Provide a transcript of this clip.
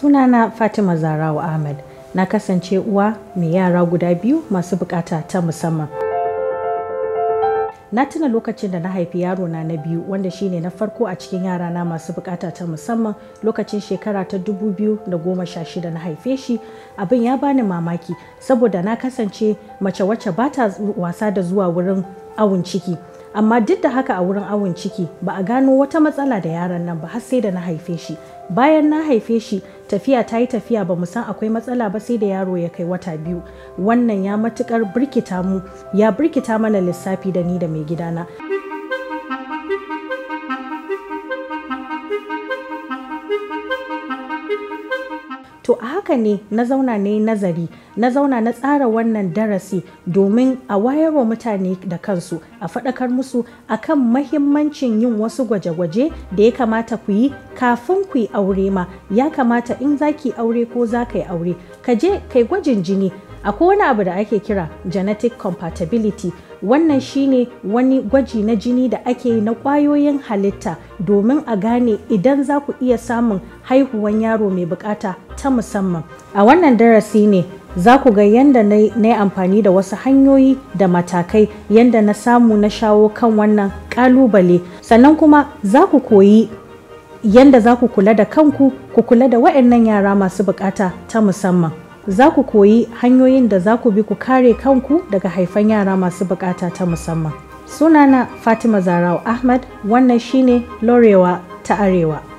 sunana fatima zarawa ahmed na kasance uwa mai yara guda biyu masu bukata ta musamman na tuna lokacin da na haifi yaro na na biyu wanda shine na farko a cikin yara na masu bukata ta musamman lokacin shekara ta dubu 2016 na haife shi abin ya bani mamaki saboda na kasance mace wacce bata wasa da zuwa wurin awun ciki amma duk da haka a wurin awon ciki ba a gano wata matsala da yaron nan ba har sai da na haife shi bayan na haife shi tafiya ta yi tafiya ba san akwai matsala ba sai da yaro ya kai wata biyu wannan ya matukar birkita mu ya birkita mana lissafi da ni da mai gidana. to a haka ne na zauna ne nazari na zauna na tsara wannan darasi domin a wayarwa mutane da kansu a faɗakar musu a kan mahimmancin yin wasu gwaje-gwaje da ya kamata ku yi kafin ku yi aure ma ya kamata in za ki aure ko za ka yi aure ka je kai gwajin jini akwai wani abu da ake kira genetic compatibility wannan shine wani gwaji na jini da ake yi na kwayoyin halitta domin a gane idan za ku iya samun haihuwan yaro mai bukata ta musamman a wannan darasi ne za ku ga yadda na yi amfani da wasu hanyoyi da matakai yadda na samu na shawo kan wannan ƙalubale sannan kuma za ku koyi yadda za ku kula da kanku ku kula da wa'annan yara masu bukata ta musamman za ku koyi hanyoyin da za ku bi ku kare kanku daga haifan yara masu bukata ta musamman sunana fatima zarau ahmad wannan shine lorewa ta arewa